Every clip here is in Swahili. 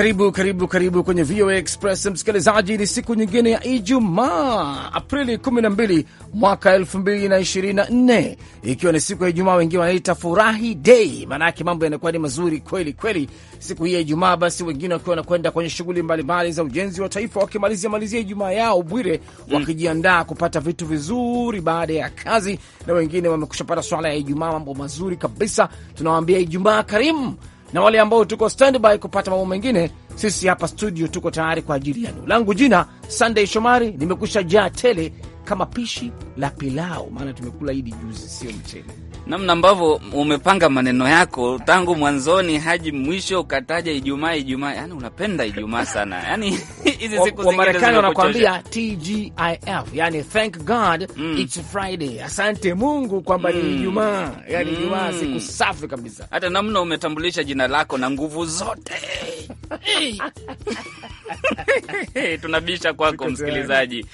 Karibu, karibu, karibu kwenye VOA Express msikilizaji. Ni siku nyingine ya Ijumaa, Aprili 12 mwaka 2024, ikiwa ni siku ya Ijumaa, wengine wanaita furahi dei, maanake mambo yanakuwa ni mazuri kweli kweli siku hii ya Ijumaa. Basi wengine wakiwa wanakwenda kwenye shughuli mbalimbali za ujenzi wa taifa, wakimalizia malizia Ijumaa yao bwire, mm. wakijiandaa kupata vitu vizuri baada ya kazi, na wengine wamekushapata swala ya Ijumaa, mambo mazuri kabisa. Tunawaambia Ijumaa karimu na wale ambao tuko standby kupata mambo mengine, sisi hapa studio tuko tayari kwa ajili yenu. Langu jina Sunday Shomari, nimekusha jaa tele kama pishi la pilau, maana tumekula hidi juzi, sio mchele. Namna ambavyo umepanga maneno yako tangu mwanzoni hadi mwisho, ukataja Ijumaa, Ijumaa, yani unapenda Ijumaa sana, yani hizi siku Marekani wanakuambia TGIF, yani thank God mm. it's Friday, asante Mungu kwamba ni mm. Ijumaa, yani Ijumaa mm. siku safi kabisa. Hata namna umetambulisha jina lako na nguvu zote tunabisha kwako msikilizaji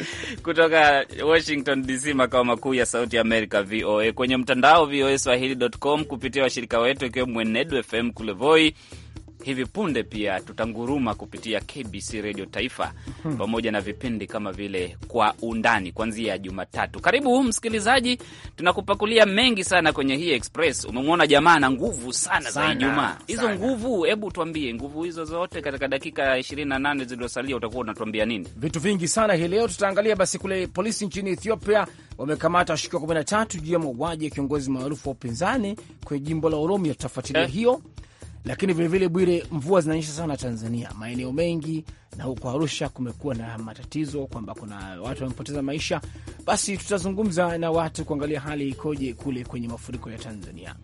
kutoka Washington DC, makao makuu ya Sauti ya Amerika, VOA, kwenye mtandao VOA Swahili.com, kupitia washirika wetu ikiwemo Mwenedu FM kule Voi Hivi punde pia tutanguruma kupitia KBC redio Taifa hmm, pamoja na vipindi kama vile kwa undani kuanzia ya Jumatatu. Karibu msikilizaji, tunakupakulia mengi sana kwenye hii Express. Umemwona jamaa na nguvu sana za Ijumaa hizo nguvu. Hebu tuambie nguvu hizo zote katika dakika 28 zilizosalia, utakuwa unatuambia nini? Vitu vingi sana hii leo tutaangalia. Basi kule polisi nchini Ethiopia wamekamata washukiwa 13 juu ya mauaji ya kiongozi maarufu wa upinzani kwenye jimbo la Oromia. Tutafuatilia eh, hiyo lakini vilevile Bwire, mvua zinanyesha sana Tanzania, maeneo mengi, na huko Arusha kumekuwa na matatizo kwamba kuna watu wamepoteza maisha. Basi tutazungumza na watu kuangalia hali ikoje kule kwenye mafuriko ya Tanzania.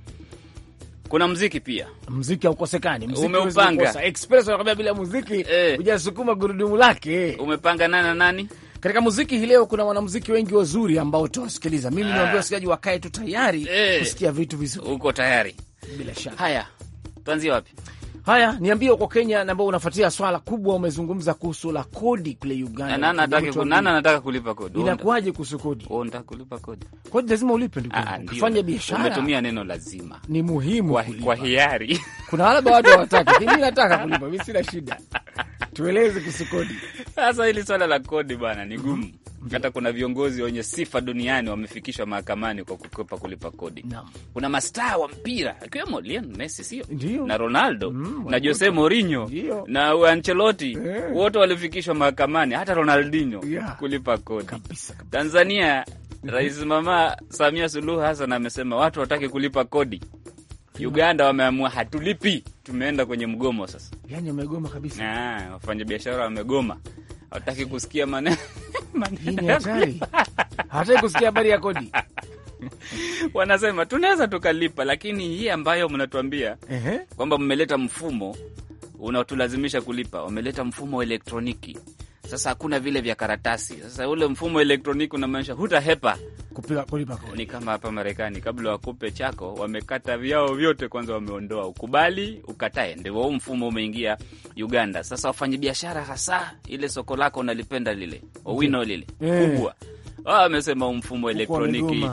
Kuna mziki pia, mziki haukosekani. Mziki umeupanga Express wanakwambia bila muziki eh. hujasukuma e, gurudumu lake. Umepanga nani na nani katika muziki hii leo? Kuna wanamuziki wengi wazuri ambao utawasikiliza. Mimi ah. niwaambia wasikilizaji wakae tu tayari e, kusikia vitu vizuri. Uko tayari? Bila shaka. Haya, tuanzie wapi? Haya, niambie uko Kenya na ambao unafuatia swala kubwa, umezungumza kuhusu la kodi kule Uganda. Nani anataka kulipa kodi? Inakuwaje kuhusu kodi? Oh, nataka kulipa kodi. Kodi lazima ulipe, ndugu. Ah, Kufanya biashara. Umetumia neno lazima. Ni muhimu kwa, kwa hiari. Kuna wale baadhi hawataka. Mimi nataka kulipa, mimi sina shida. Tueleze kuhusu kodi. Sasa hili swala la kodi bwana ni gumu. Hata kuna viongozi wenye sifa duniani wamefikishwa mahakamani kwa kukwepa kulipa kodi. Kuna mastaa wa mpira akiwemo Lionel Messi, sio na Ronaldo mm, na Jose Mourinho na Ancelotti yeah. Wote walifikishwa mahakamani, hata Ronaldinho yeah. kulipa kodi kabisa, kabisa. Tanzania mhm. Rais Mama Samia Suluhu Hassan amesema watu wataki kulipa kodi. Uganda wameamua hatulipi, tumeenda kwenye mgomo sasa. Yani wamegoma kabisa, wafanyabiashara wamegoma hataki kusikia maneno hataki kusikia habari ya kodi wanasema tunaweza tukalipa, lakini hii ambayo mnatuambia kwamba mmeleta mfumo unaotulazimisha kulipa, wameleta mfumo wa elektroniki sasa hakuna vile vya karatasi. Sasa ule mfumo elektroniki unamaanisha hutahepa kulipa kodi. Ni kama hapa Marekani, kabla wakupe chako wamekata vyao vyote kwanza, wameondoa ukubali ukatae. Ndio huu mfumo umeingia Uganda. Sasa wafanyabiashara, hasa ile soko lako unalipenda lile Owino lile eh. kubwa, wamesema ah, huu mfumo elektroniki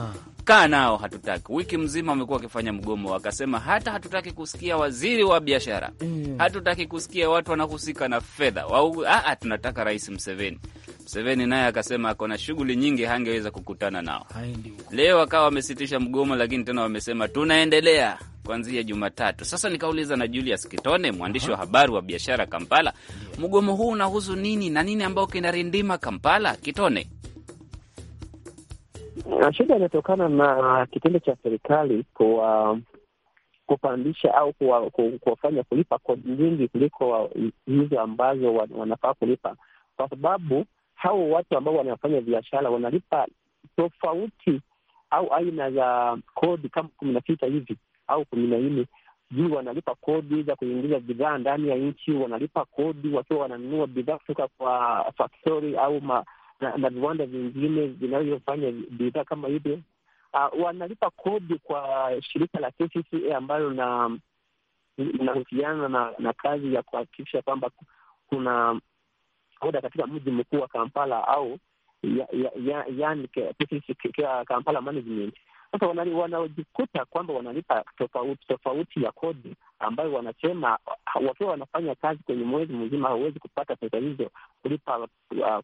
kukaa nao hatutaki. Wiki mzima wamekuwa wakifanya mgomo, wakasema hata hatutaki kusikia waziri wa biashara mm, hatutaki kusikia watu wanahusika na fedha, tunataka Rais Mseveni. Mseveni naye akasema ako na shughuli nyingi, hangeweza kukutana nao. Leo wakawa wamesitisha mgomo, lakini tena wamesema tunaendelea kuanzia Jumatatu. Sasa nikauliza na Julius Kitone, mwandishi wa habari wa biashara Kampala, mgomo huu unahusu nini na nini ambao kinarindima Kampala? Kitone Shida inatokana na kitendo cha serikali kuwa uh, kupandisha au kuwafanya kulipa kodi nyingi kuliko uh, hizo ambazo wanafaa kulipa, kwa sababu hao watu ambao wanafanya biashara wanalipa tofauti au aina za kodi kama kumi na sita hivi au kumi na nne juu. Wanalipa kodi za kuingiza bidhaa ndani ya nchi, wanalipa kodi wakiwa wananunua bidhaa kutoka kwa faktori au ma, na, na viwanda vingine vinavyofanya bidhaa kama hivyo uh, wanalipa kodi kwa shirika la KCCA ambalo linahusiana na, na, na kazi ya kuhakikisha kwamba kuna oda katika mji mkuu wa Kampala au ya, ya, ya, yani Kampala Management sasa wanaojikuta kwamba wanalipa tofauti tofauti ya kodi ambayo wanasema wakiwa wanafanya kazi kwenye mwezi mzima, hauwezi kupata pesa hizo kulipa uh,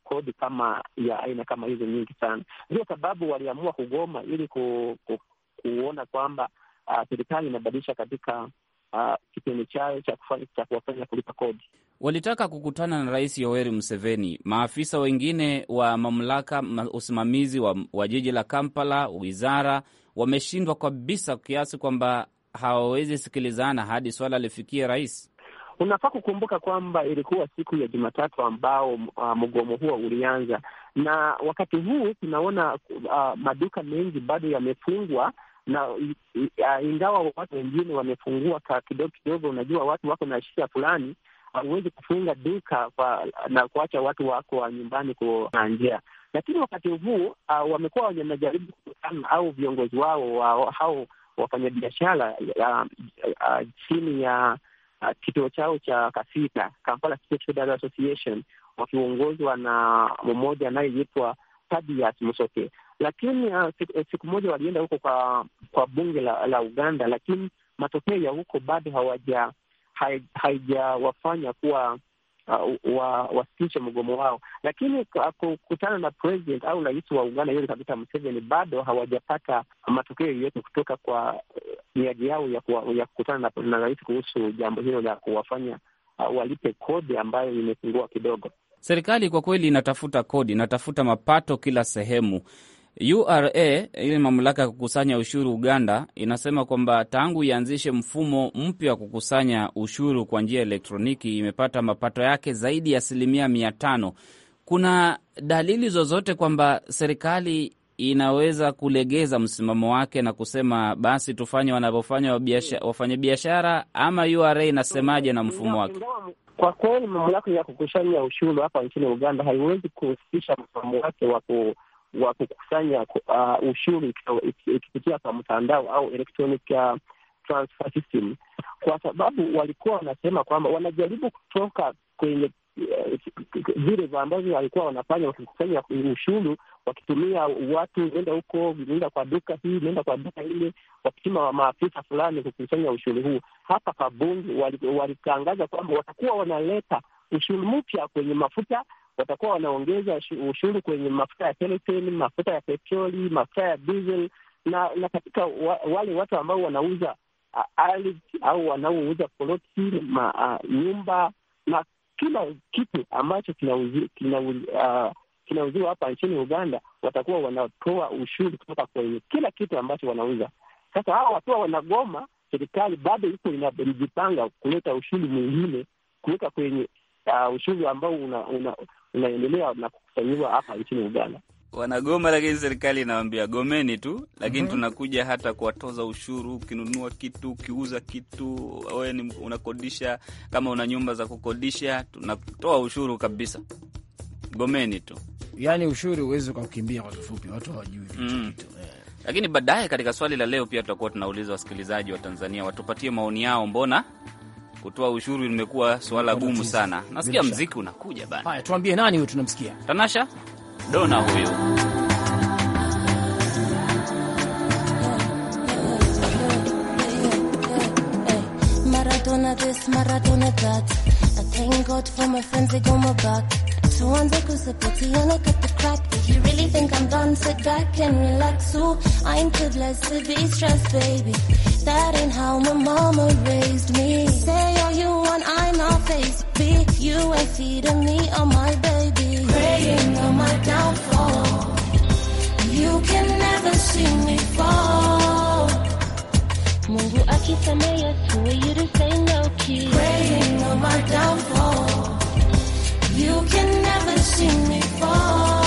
kodi kama ya aina kama hizo nyingi sana. Ndio sababu waliamua kugoma ili ku, ku, kuona kwamba uh, serikali uh, inabadilisha katika uh, kipindi chao cha kufanya cha kuwafanya kulipa kodi. Walitaka kukutana na Rais Yoweri Museveni, maafisa wengine wa mamlaka usimamizi wa, wa jiji la Kampala, wizara wameshindwa kabisa, kiasi kwamba hawawezi sikilizana hadi swala lifikie rais. Unafaa kukumbuka kwamba ilikuwa siku ya Jumatatu ambao uh, mgomo huo ulianza, na wakati huu tunaona uh, maduka mengi bado yamefungwa na ingawa watu wengine wamefungua kidogo kidogo, unajua watu wako na shida fulani, hauwezi kufunga duka kwa, na kuacha watu wako wa nyumbani kwa njia. Lakini wakati huu uh, wamekuwa wanajaribu kukutana au viongozi wao hao wafanyabiashara chini ya uh, kituo chao cha Kasita, Kampala Association, wakiongozwa na mmoja anayeitwa Thaddeus Musoke lakini uh, siku, eh, siku moja walienda huko kwa kwa bunge la, la Uganda, lakini matokeo ya huko bado hawaja haijawafanya kuwa uh, wa, mgomo wao, lakini ah, kukutana na president au rais wa Uganda Yoweri Kaguta Museveni bado hawajapata matokeo yoyote kutoka kwa eh, miaji yao ya, ya kukutana na rais kuhusu jambo hilo la kuwafanya uh, walipe kodi ambayo imepungua kidogo. Serikali kwa kweli inatafuta kodi, inatafuta mapato kila sehemu. URA ile mamlaka ya kukusanya ushuru Uganda inasema kwamba tangu ianzishe mfumo mpya wa kukusanya ushuru kwa njia ya elektroniki imepata mapato yake zaidi ya asilimia mia tano. Kuna dalili zozote kwamba serikali inaweza kulegeza msimamo wake na kusema basi tufanye wanavyofanya wafanya biashara ama URA inasemaje na mfumo wake? Kwa kweli mamlaka ya kukusanya ushuru hapa nchini Uganda haiwezi kuhusisha msimamo wake wa wa kukusanya uh, ushuru ikipitia kwa mtandao au electronic uh, transfer system, kwa sababu walikuwa wanasema kwamba wanajaribu kutoka kwenye vile uh, ambazo walikuwa wanafanya wakikusanya ushuru wakitumia watu, nenda huko, nenda kwa duka hii, nenda kwa duka ile, wakituma maafisa fulani kukusanya ushuru huu. Hapa kabungi walitangaza kwamba watakuwa wanaleta ushuru mpya kwenye mafuta watakuwa wanaongeza ushuru kwenye mafuta ya kerosene, mafuta ya petroli, mafuta ya diesel na na katika wa, wale watu ambao wanauza uh, ardhi au wanaouza poloti ma, uh, nyumba na kila kitu ambacho kinauziwa uh, hapa nchini Uganda watakuwa wanatoa ushuru kutoka kwenye kila kitu ambacho wanauza. Sasa hawa wakiwa wanagoma, serikali bado iko inajipanga kuleta ushuru mwingine kuweka kwenye uh, ushuru ambao unaendelea una, una na kukusanyiwa hapa nchini Uganda. Wanagoma, lakini serikali inawaambia gomeni tu, lakini mm -hmm. tunakuja hata kuwatoza ushuru. Ukinunua kitu, ukiuza kitu, wewe unakodisha, kama una nyumba za kukodisha, tunatoa ushuru kabisa. Gomeni tu, Yani ushuru huwezi ukaukimbia. Kwa kifupi, watu hawajui mm. kitu eh. lakini baadaye katika swali la leo pia tutakuwa tunauliza wasikilizaji wa Tanzania watupatie maoni yao, mbona kutoa ushuru imekuwa swala gumu sana. Nasikia mziki unakuja bana. Haya, tuambie nani huyu tunamsikia? Tanasha Dona huyu. That ain't how my mama raised me. Say all you want, I'm not face B. You ain't feeding me or my baby. Praying on my downfall. You can never see me fall. Mungu akisamehe tuwe you to say no kid. Praying on my downfall. You can never see me fall.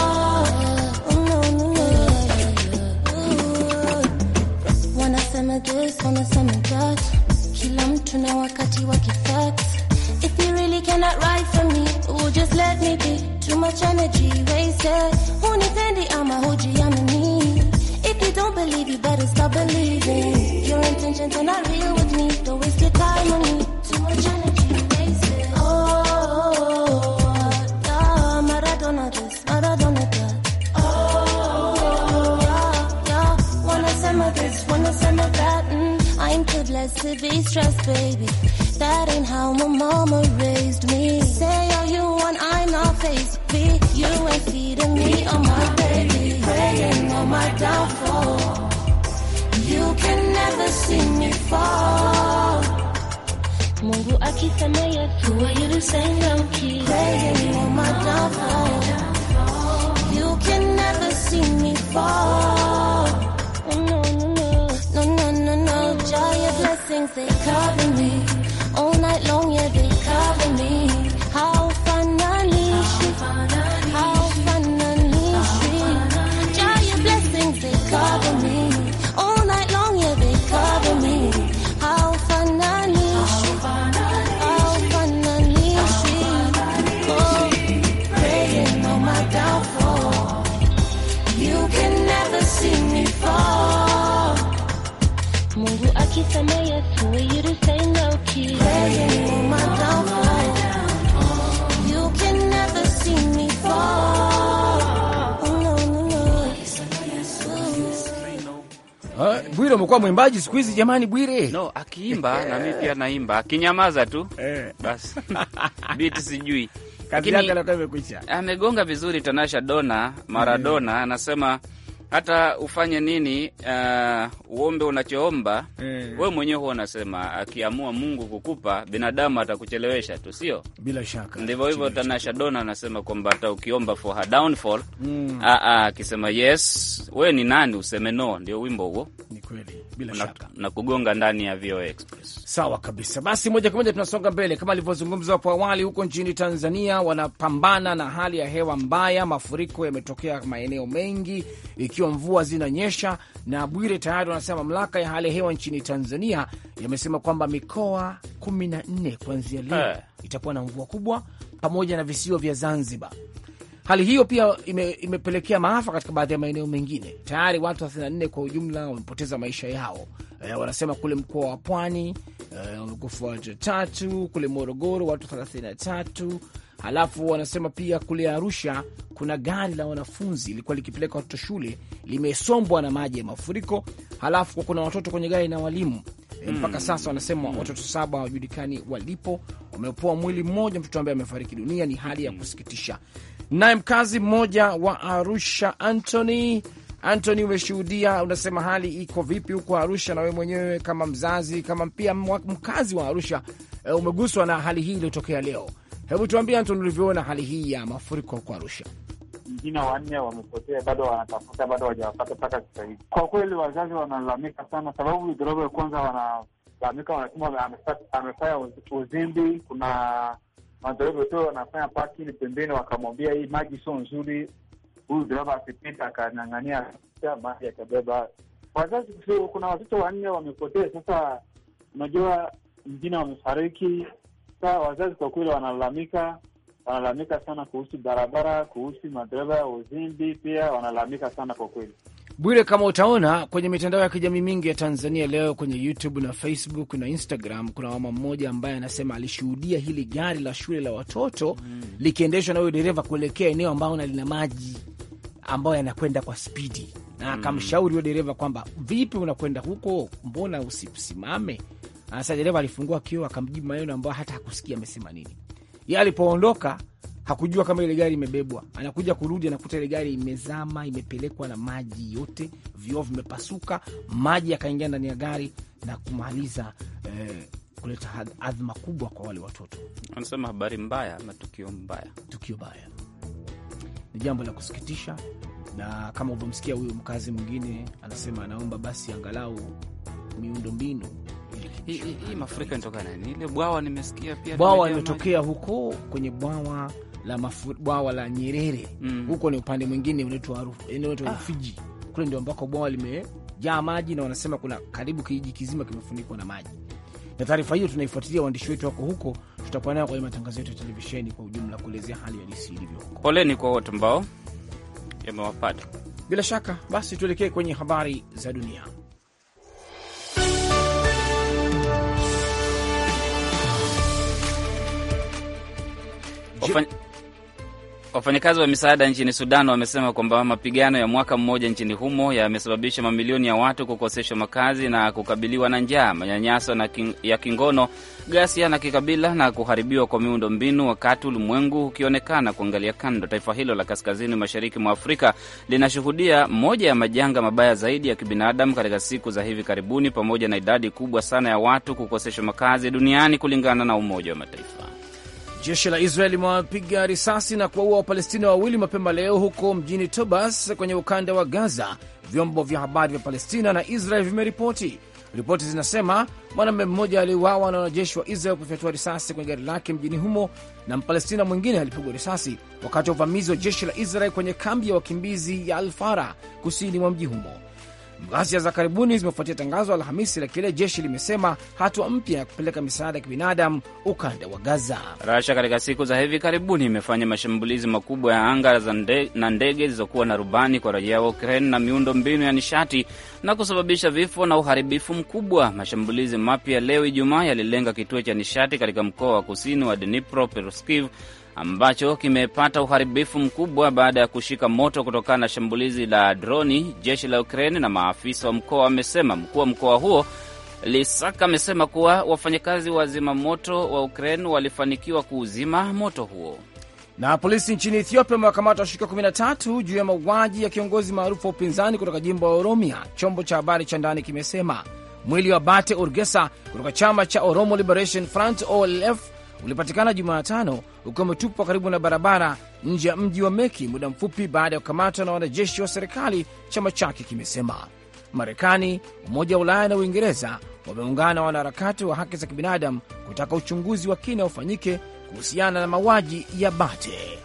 wanasema this, wanasema that, kila mtu na wakati wa kifax. If you really cannot ride for me, oh, just let me be. Too much energy wasted. Hunipendi ama hujiamini. If you don't believe, you better stop believing. Your intentions are not real with me. Don't waste your time on me. Too much energy I'm blessed to be stressed, baby. That ain't how my mama raised me. Say all you want, I'm not faced. Be you ain't feeding me on my baby. Praying on my downfall. You can never see me fall. Mungu akisamehe, huwa yulusenga uki. Praying on my downfall. You can never see me fall. they cover me. All night long, yeah, they cover me. Umekuwa mwimbaji siku hizi jamani, Bwire? No, akiimba na mimi pia naimba, akinyamaza tu eh. basi biti sijui, Amegonga vizuri Tanasha Dona Maradona, eh. anasema hata ufanye nini, uh, uombe unachoomba eh, we mwenyewe huwa unasema akiamua Mungu kukupa binadamu atakuchelewesha tu, sio? Bila shaka ndivyo hivyo. Tanasha Dona anasema kwamba hata ukiomba for her downfall mm, akisema yes, we ni nani useme no? Ndio wimbo huo, ni kweli, bila shaka na kugonga ndani ya VOA Express. Sawa kabisa. Basi moja kwa moja tunasonga mbele, kama alivyozungumza hapo awali, huko nchini Tanzania wanapambana na hali ya hewa mbaya. Mafuriko yametokea maeneo mengi iki ikiwa mvua zinanyesha. Na Bwire, tayari wanasema mamlaka ya hali ya hewa nchini Tanzania yamesema kwamba mikoa 14 kuanzia leo eh. itakuwa na mvua kubwa pamoja na visiwa vya Zanzibar. Hali hiyo pia ime, imepelekea maafa katika baadhi ya maeneo mengine. Tayari watu 34 kwa ujumla wamepoteza maisha yao. E, wanasema kule mkoa wa Pwani e, eh, wamekufa watu watatu, kule Morogoro watu 33 Halafu wanasema pia kule Arusha kuna gari la wanafunzi ilikuwa likipeleka watoto shule limesombwa na maji ya mafuriko, halafu kuna watoto kwenye gari na walimu e, hmm. Mpaka sasa wanasema hmm. watoto saba hawajulikani walipo, wamepoa mwili mmoja, mtoto ambaye amefariki dunia. Ni hali ya hmm. kusikitisha. Naye mkazi mmoja wa Arusha Antony Antony, umeshuhudia, unasema hali iko vipi huko Arusha? Na wewe mwenyewe kama mzazi, kama pia mkazi wa Arusha, e, umeguswa na hali hii iliyotokea leo. Hebu tuambie Anton, ulivyoona hali hii ya mafuriko huko Arusha. Wengine wanne wamepotea, bado wanatafuta, bado wajawapata mpaka sasa hivi. Kwa kweli, wazazi wanalalamika sana, sababu dereva ya kwanza wanalalamika, wanasema amefanya uzimbi. Kuna madereva tu wanafanya pakini pembeni, wakamwambia hii maji sio nzuri, huyu dereva akipita, akanang'ania maji akabeba wazazi. Kuna watoto wanne wamepotea. Sasa unajua, wengine wamefariki sasa wazazi kwa kweli wanalalamika, wanalalamika sana kuhusu barabara, kuhusu madereva ya uzimbi, pia wanalalamika sana kwa kweli. Bwire, kama utaona kwenye mitandao ya kijamii mingi ya Tanzania leo, kwenye YouTube na Facebook na Instagram, kuna mama mmoja ambaye anasema alishuhudia hili gari la shule la watoto mm, likiendeshwa na huyo dereva kuelekea eneo ambao lina maji ambayo yanakwenda kwa spidi, na mm. akamshauri mm, huyo dereva kwamba vipi, unakwenda huko, mbona usisimame? Anasema dereva alifungua kioo akamjibu maneno ambayo hata hakusikia amesema nini. Yeye alipoondoka hakujua kama ile gari imebebwa. Anakuja kurudi, anakuta ile gari imezama, imepelekwa na maji yote, vioo vimepasuka, maji yakaingia ndani ya gari na kumaliza eh, kuleta adhma kubwa kwa wale watoto. Anasema habari mbaya ama tukio mbaya, tukio baya, ni jambo la kusikitisha. Na kama ulivyomsikia huyo mkazi mwingine, anasema anaomba basi angalau miundo mbinu hii mafuriko inatokana nani? Ile bwawa nimesikia pia bwawa limetokea huko kwenye bwawa la mafu, bwawa la Nyerere mm. Huko ni upande mwingine unaitwa eh, ah. Rufiji kule ndio ambako bwawa limejaa maji na wanasema kuna karibu kijiji kizima kimefunikwa na maji na taarifa hiyo tunaifuatilia. Waandishi wetu wako huko, tutakuwa nayo kwenye matangazo yetu ya televisheni kwa ujumla kuelezea hali halisi ilivyo huko. Poleni kwa wote ambao yamewapata. Bila shaka basi, tuelekee kwenye habari za dunia. Wafan... wafanyakazi wa misaada nchini Sudan wamesema kwamba mapigano ya mwaka mmoja nchini humo yamesababisha mamilioni ya watu kukoseshwa makazi na kukabiliwa na njaa, manyanyaso na king... ya kingono, ghasia na kikabila na kuharibiwa kwa miundo mbinu, wakati ulimwengu ukionekana kuangalia kando. Taifa hilo la kaskazini mashariki mwa Afrika linashuhudia moja ya majanga mabaya zaidi ya kibinadamu katika siku za hivi karibuni, pamoja na idadi kubwa sana ya watu kukoseshwa makazi duniani kulingana na Umoja wa Mataifa. Jeshi la Israel limewapiga risasi na kuwaua Wapalestina wawili mapema leo huko mjini Tobas kwenye ukanda wa Gaza, vyombo vya habari vya Palestina na Israel vimeripoti. Ripoti zinasema mwanamume mmoja aliuawa na wanajeshi wa Israel kufyatua risasi kwenye gari lake mjini humo na Mpalestina mwingine alipigwa risasi wakati wa uvamizi wa jeshi la Israel kwenye kambi ya wakimbizi ya Alfara kusini mwa mji humo. Ghasia za karibuni zimefuatia tangazo Alhamisi la kile jeshi limesema hatua mpya ya kupeleka misaada ya kibinadamu ukanda wa Gaza. Rasha katika siku za hivi karibuni imefanya mashambulizi makubwa ya anga na ndege zilizokuwa na rubani kwa raia wa Ukraine na miundo mbinu ya nishati na kusababisha vifo na uharibifu mkubwa. Mashambulizi mapya leo Ijumaa yalilenga kituo cha nishati katika mkoa wa kusini wa Dnipro peroskiv ambacho kimepata uharibifu mkubwa baada ya kushika moto kutokana na shambulizi la droni. Jeshi la Ukraine na maafisa wa mkoa wamesema. Mkuu wa mkoa huo Lisaka amesema kuwa wafanyakazi wa moto wa Ukraine walifanikiwa kuuzima moto huo. Na polisi nchini Ethiopia wamewakamata washukiwa 13 juu ya mauaji ya kiongozi maarufu wa upinzani kutoka jimbo la Oromia. Chombo cha habari cha ndani kimesema mwili wa Bate Urgesa kutoka chama cha Oromo Liberation Front OLF ulipatikana Jumatano ukiwa umetupwa karibu na barabara nje ya mji wa Meki muda mfupi baada ya kukamatwa na wanajeshi wa serikali, chama chake kimesema. Marekani, Umoja wa Ulaya na Uingereza wameungana na wanaharakati wa haki za kibinadamu kutaka uchunguzi wa kina ufanyike kuhusiana na mauaji ya Bate.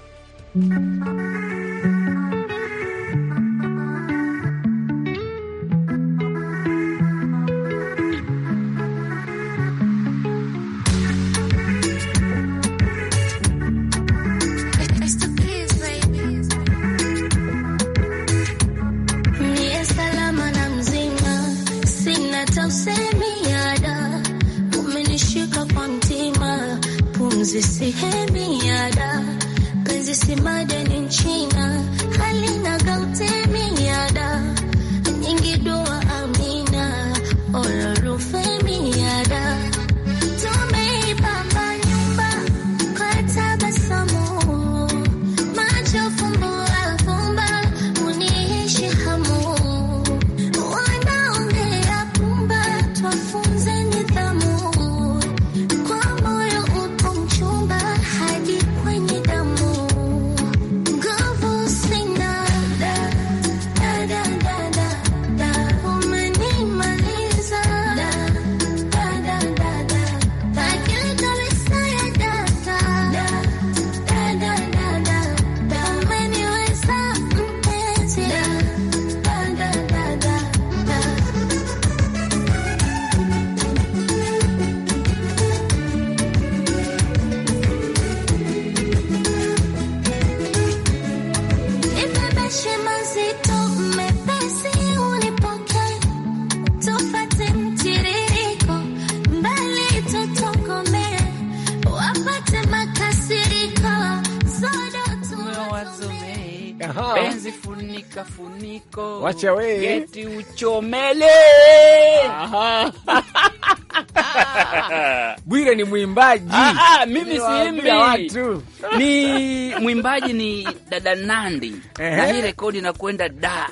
benzi funika funiko, wacha we geti uchomele. Bwire ni mwimbaji. Ah, mimi siimbi Ni mwimbaji ni dada Nandi. Na hii rekodi inakwenda da.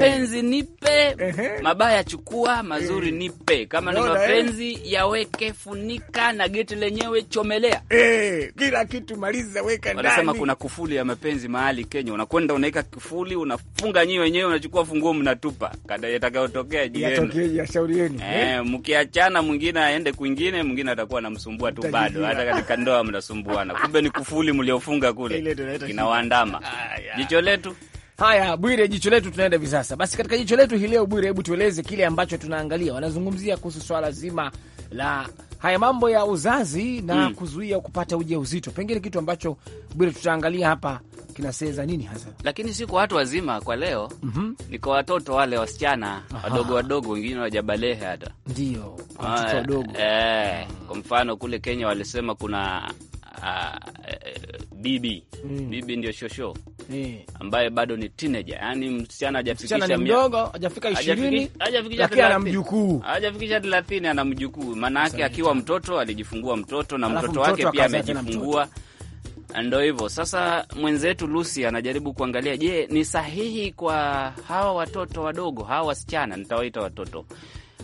Penzi nipe, mabaya chukua, mazuri eh. nipe. Kama ni eh. mapenzi yaweke, funika na geti lenyewe chomelea. Eh, kila kitu maliza weka ndani. Wanasema kuna kufuli ya mapenzi mahali Kenya. Unakwenda unaweka kufuli, unafunga nyi wenyewe, unachukua funguo mnatupa. Kada yatakayotokea jioni. Yatokee, yashaurieni. Eh, eh mkiachana mwingine aende kwingine, mwingine atakuwa anamsumbua tu bado. Hata katika ndoa mnasumbuana, kumbe ni kufuli mliofunga kule kinawaandama. Ah, jicho letu Haya Bwire, jicho letu tunaenda hivi sasa. Basi katika jicho letu hii leo, Bwire, hebu tueleze kile ambacho tunaangalia. Wanazungumzia kuhusu swala zima la haya mambo ya uzazi na mm, kuzuia kupata ujauzito, pengine kitu ambacho Bwire tutaangalia hapa kinaseza nini hasa, lakini si kwa watu wazima kwa leo mm -hmm. ni kwa watoto wale wasichana wadogo wadogo, wengine wajabalehe hata ndio wadogo eh. Kwa mfano kule Kenya walisema kuna uh, bibi mm. bibi ndio shosho Hey. Eh. ambaye bado ni teenager, yani msichana hajafikisha mdogo, hajafikisha ishirini, hajafikisha ana mjukuu, hajafikisha 30, ana mjukuu. Maana yake akiwa mtoto alijifungua mtoto na mtoto, mtoto wake pia amejifungua mtoto. Ndo hivyo sasa, mwenzetu Lucy anajaribu kuangalia, je, ni sahihi kwa hawa watoto wadogo, hawa wasichana nitawaita watoto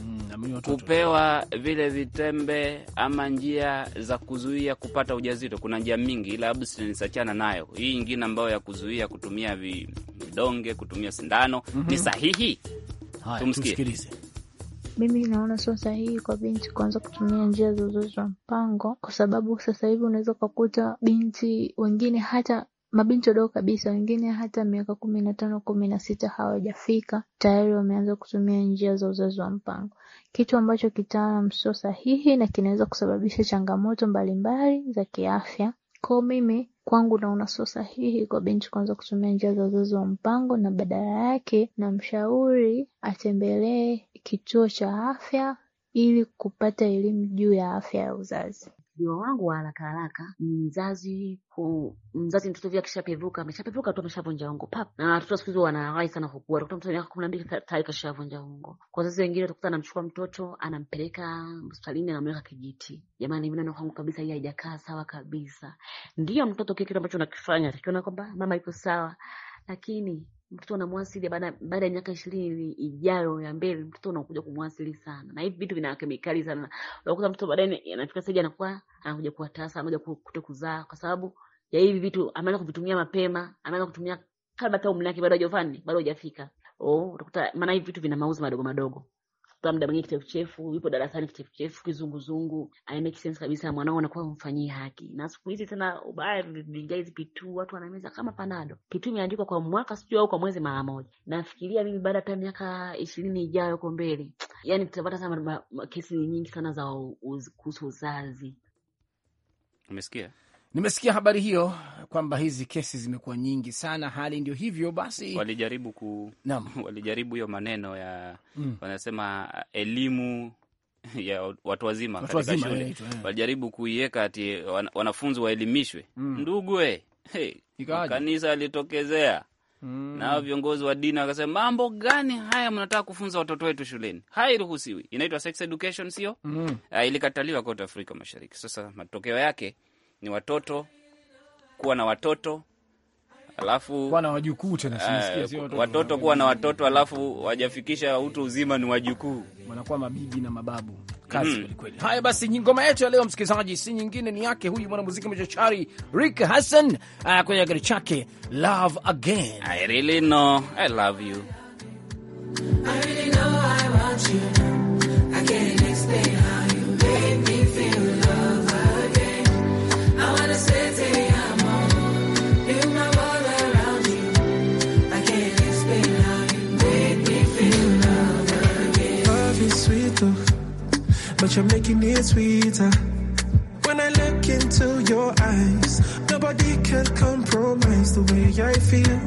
mm, kupewa vile vitembe ama njia za kuzuia kupata ujauzito? Kuna njia mingi, ila abstinence achana nayo. Hii ingine ambayo ya kuzuia kutumia vidonge, kutumia sindano mm -hmm. ni mhm. sahihi? Tumsikilize. Mimi naona sio sahihi kwa binti kuanza kutumia njia za uzazi wa mpango kwa sababu sasa hivi unaweza ukakuta binti wengine hata mabinti wadogo kabisa wengine hata miaka kumi na tano kumi na sita hawajafika tayari wameanza kutumia njia za uzazi wa mpango kitu ambacho kitaalam sio sahihi na kinaweza kusababisha changamoto mbalimbali za kiafya ko mimi kwangu naona sio sahihi kwa binti kuanza kutumia njia za uzazi wa mpango na badala yake namshauri atembelee kituo cha afya ili kupata elimu juu ya afya ya uzazi ujio wangu wa haraka haraka mzazi ku mzazi mtoto vile akishapevuka ameshapevuka tu ameshavunja ungo pap na watoto siku hizi wanawahi sana kukua utakuta mtoto miaka kumi na mbili tayari kashavunja ungo kwa wazazi wengine utakuta anamchukua mtoto anampeleka hospitalini anamweka kijiti jamani mimi naona kwangu kabisa hii haijakaa sawa kabisa ndiyo mtoto kile kitu ambacho unakifanya atakiona kwamba mama iko sawa lakini mtoto unamwasili baada ya miaka ishirini ijayo ya mbele, mtoto unakuja kumwasili sana, na hivi vitu vina kemikali sana. Unakuta mtoto baadaye anafika stage anakuwa anakuja kuwa tasa, anakuja kuto kuzaa kwa sababu ya hivi vitu, ameanza kuvitumia mapema, ameanza kutumia kabla hata umri wake bado hajafika. Oh, utakuta maana hivi vitu vina mauzo madogo madogo kama muda mwingine kichefuchefu, yupo darasani kichefuchefu, kizunguzungu, haimeki sense kabisa, mwanao anakuwa humfanyii haki. Na siku hizi tena ubaya vimeingia hizi pitu, watu wanameza kama panado. Pitu imeandikwa kwa mwaka sijui au kwa mwezi mara moja. Nafikiria mimi baada ya miaka ishirini ijayo huko mbele, yani tutapata sana kesi nyingi sana za kuhusu uzazi. Umesikia? Nimesikia habari hiyo kwamba hizi kesi zimekuwa nyingi sana, hali ndio hivyo basi. Walijaribu ku Naam. walijaribu hiyo maneno ya mm. wanasema uh, elimu ya watu wazima katika shule eh. walijaribu kuiweka ati wanafunzi waelimishwe. mm. Ndugue hey, kanisa alitokezea Mm. Na viongozi wa dini wakasema mambo gani haya mnataka kufunza watoto wetu shuleni? iruhusiwi, Inaitwa sex education, sio? Mm. Uh, ilikataliwa kote Afrika Mashariki. Sasa matokeo yake ni watoto, kuwa na watoto alafu kuwa na wajukuu tena, si simsikia eh, uh, watoto watoto kuwa na watoto alafu wajafikisha utu uzima ni wajukuu, wanakuwa mabibi na mababu. Kazi mm. kweli. Haya basi, ngoma yetu ya leo msikilizaji, si nyingine ni yake huyu mwanamuziki machachari Rick Hassan uh, kwenye gari chake Love Again. I really know I love you. I really know I want you. but you're making it sweeter. When I look into your eyes, nobody can compromise the way I feel.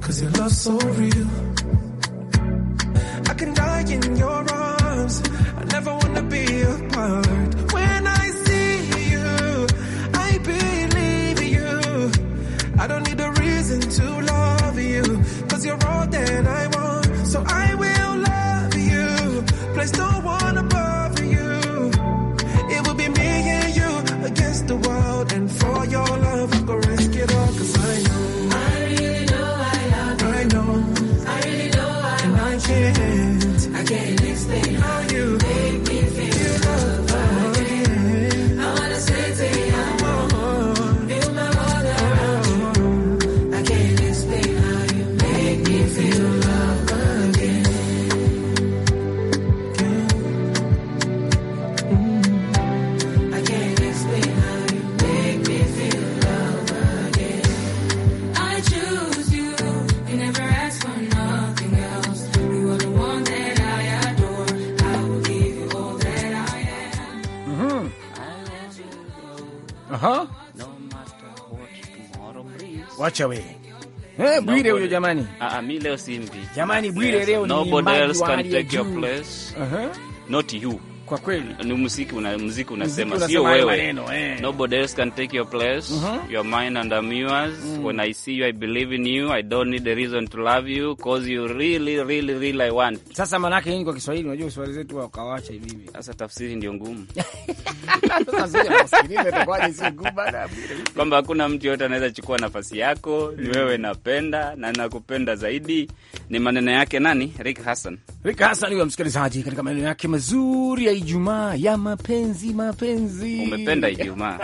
Cause your love's so real. I can die in your arms, I never wanna be apart. Mwacha we Eh, Bwire huyo jamani. Ah, ah mi leo simbi. Jamani Bwire leo ni mbaya. Nobody else can take uh-huh. Not you kwa kweli ni muziki una, muziki unasema sio wewe eh. Nobody else can take your place uh mhm. -huh. your mind and I'm yours mm -hmm. when I see you I believe in you I don't need a reason to love you cause you really really really I want. Sasa maana yake nini kwa Kiswahili? Unajua Kiswahili zetu wa wakawaacha hivi hivi. Sasa tafsiri ndio ngumu kwamba hakuna mtu yote anaweza chukua nafasi yako, ni mm. wewe napenda na nakupenda zaidi. Ni maneno yake nani? Rick Hassan. Rick Hassan huyo msikilizaji katika maneno yake mazuri ya Ijumaa ya mapenzi mapenzi. Umependa Ijumaa?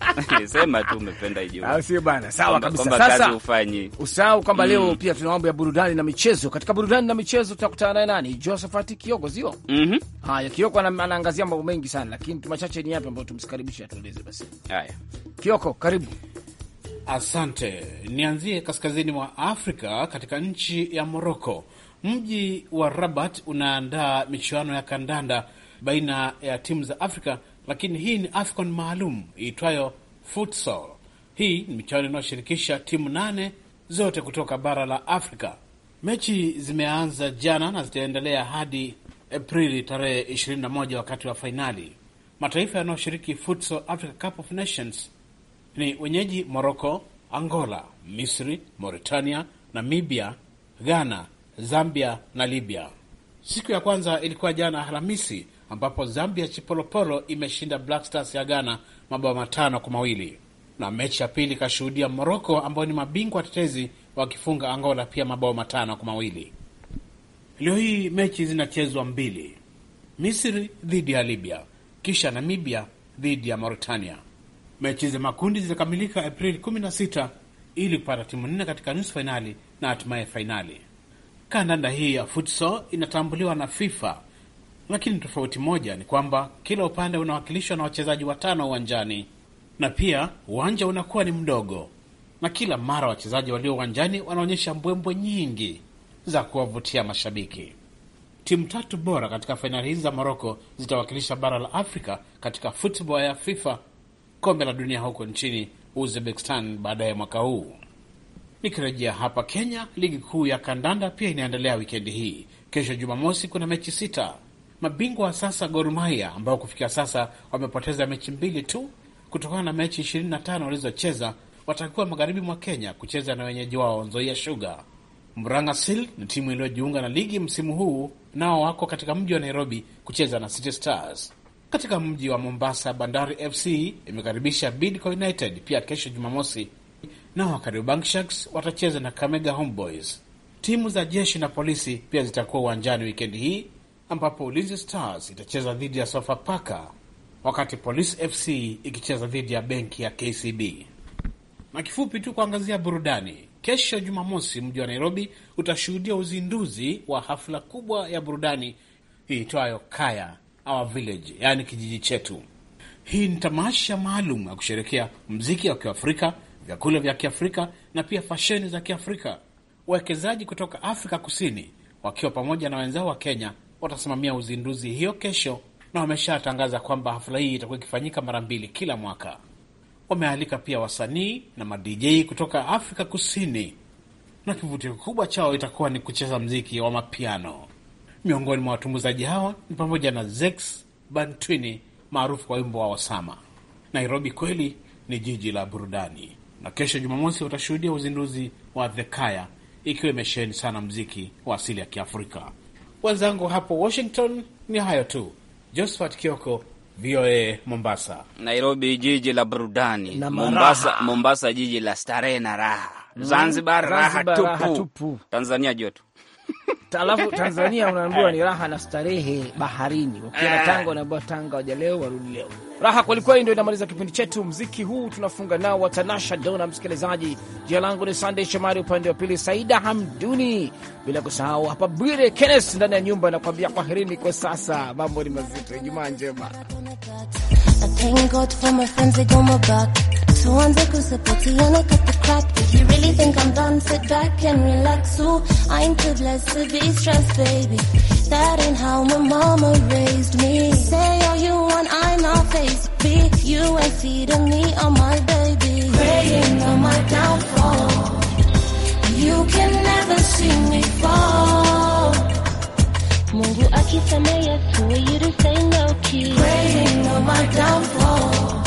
Sema tu umependa Ijumaa, ah, sio bana? Sawa kabisa. Sasa usahau kwamba leo mm, pia tuna mambo ya burudani na michezo. Katika burudani na michezo tutakutana naye nani? Josephat Kioko, sio? mm -hmm. Haya, Kioko anaangazia mambo mengi sana, lakini machache ni yapi ambayo tumsikaribishe atueleze basi. Haya, Kioko, karibu. Asante. Nianzie kaskazini mwa Afrika, katika nchi ya Moroko. Mji wa Rabat unaandaa michuano ya kandanda baina ya timu za Afrika, lakini hii ni AFCON maalum iitwayo futsal. Hii ni michuano inayoshirikisha timu nane zote kutoka bara la Afrika. Mechi zimeanza jana na zitaendelea hadi Aprili tarehe 21 wakati wa fainali. Mataifa yanayoshiriki futsal Africa Cup of Nations ni wenyeji Morocco, Angola, Misri, Mauritania, Namibia, Ghana, Zambia na Libya. Siku ya kwanza ilikuwa jana Alhamisi, ambapo Zambia Chipolopolo imeshinda Black Stars ya Ghana mabao matano kwa mawili na mechi ya pili ikashuhudia Moroko ambao ni mabingwa watetezi wakifunga Angola pia mabao matano kwa mawili. Leo hii mechi zinachezwa mbili, Misri dhidi ya Libya, kisha Namibia dhidi ya Mauritania. Mechi za makundi zitakamilika Aprili 16 ili kupata timu nne katika nusu fainali na hatimaye fainali. Kandanda hii ya futsal inatambuliwa na FIFA lakini tofauti moja ni kwamba kila upande unawakilishwa na wachezaji watano uwanjani, na pia uwanja unakuwa ni mdogo, na kila mara wachezaji walio uwanjani wanaonyesha mbwembwe nyingi za kuwavutia mashabiki. Timu tatu bora katika fainali hizi za Moroko zitawakilisha bara la Afrika katika futbol ya FIFA kombe la dunia huko nchini Uzbekistan baadaye mwaka huu. Nikirejea hapa Kenya, ligi kuu ya kandanda pia inaendelea wikendi hii. Kesho Jumamosi kuna mechi sita mabingwa wa sasa Gor Mahia ambao kufikia sasa wamepoteza mechi mbili tu kutokana na mechi 25 walizocheza, watakuwa magharibi mwa Kenya kucheza na wenyeji wao Nzoia Sugar. Murang'a Seal ni timu iliyojiunga na ligi msimu huu, nao wako katika mji wa Nairobi kucheza na City Stars. Katika mji wa Mombasa, Bandari FC imekaribisha Bidco United pia kesho Jumamosi, nao Kariobangi Sharks watacheza na Kamega Homeboys. Timu za jeshi na polisi pia zitakuwa uwanjani wikendi hii ambapo Ulinzi Stars itacheza dhidi ya Sofapaka wakati Police FC ikicheza dhidi ya benki ya KCB. Na kifupi tu kuangazia burudani, kesho Jumamosi mji wa Nairobi utashuhudia uzinduzi wa hafla kubwa ya burudani iitwayo Kaya Our Village, yaani kijiji chetu. Hii ni tamasha maalum ya kusherekea mziki wa Kiafrika, vyakula vya Kiafrika na pia fasheni za Kiafrika. Wawekezaji kutoka Afrika Kusini wakiwa pamoja na wenzao wa Kenya watasimamia uzinduzi hiyo kesho, na wameshatangaza kwamba hafla hii itakuwa ikifanyika mara mbili kila mwaka. Wamealika pia wasanii na madj kutoka Afrika Kusini, na kivutio kikubwa chao itakuwa ni kucheza mziki wa mapiano. Miongoni mwa watumbuzaji hawa ni pamoja na Zex Bantwini maarufu kwa wimbo wa Osama. Nairobi kweli ni jiji la burudani, na kesho Jumamosi watashuhudia uzinduzi wa The Kaya, ikiwa imesheheni sana mziki wa asili ya Kiafrika. Wenzangu hapo Washington ni hayo tu. Josephat Kioko, VOA Mombasa. Nairobi jiji la burudani, Mombasa, Mombasa jiji la starehe na raha, mm. Zanzibar raha tupu, Tanzania joto Alafu Tanzania unaambiwa ni eh. raha na starehe baharini, ukienda eh. Tanga unaambiwa Tanga waja leo warudi leo raha kwelikweli, ndio inamaliza kipindi chetu. Mziki huu tunafunga nao watanasha Dona. Msikilizaji, jina langu ni Sandey Shomari, upande wa pili Saida Hamduni, bila kusahau hapa Bwire Kennes ndani ya nyumba nakwambia kwaherini kwa sasa. Mambo ni mazito. Ijumaa njema. That ain't how my mama raised me. Say all you want, I'm not face B. You ain't feeding me or my baby. Praying on my downfall. You can never see me fall. Mungu akisema yes, you to say no key? Praying on my downfall.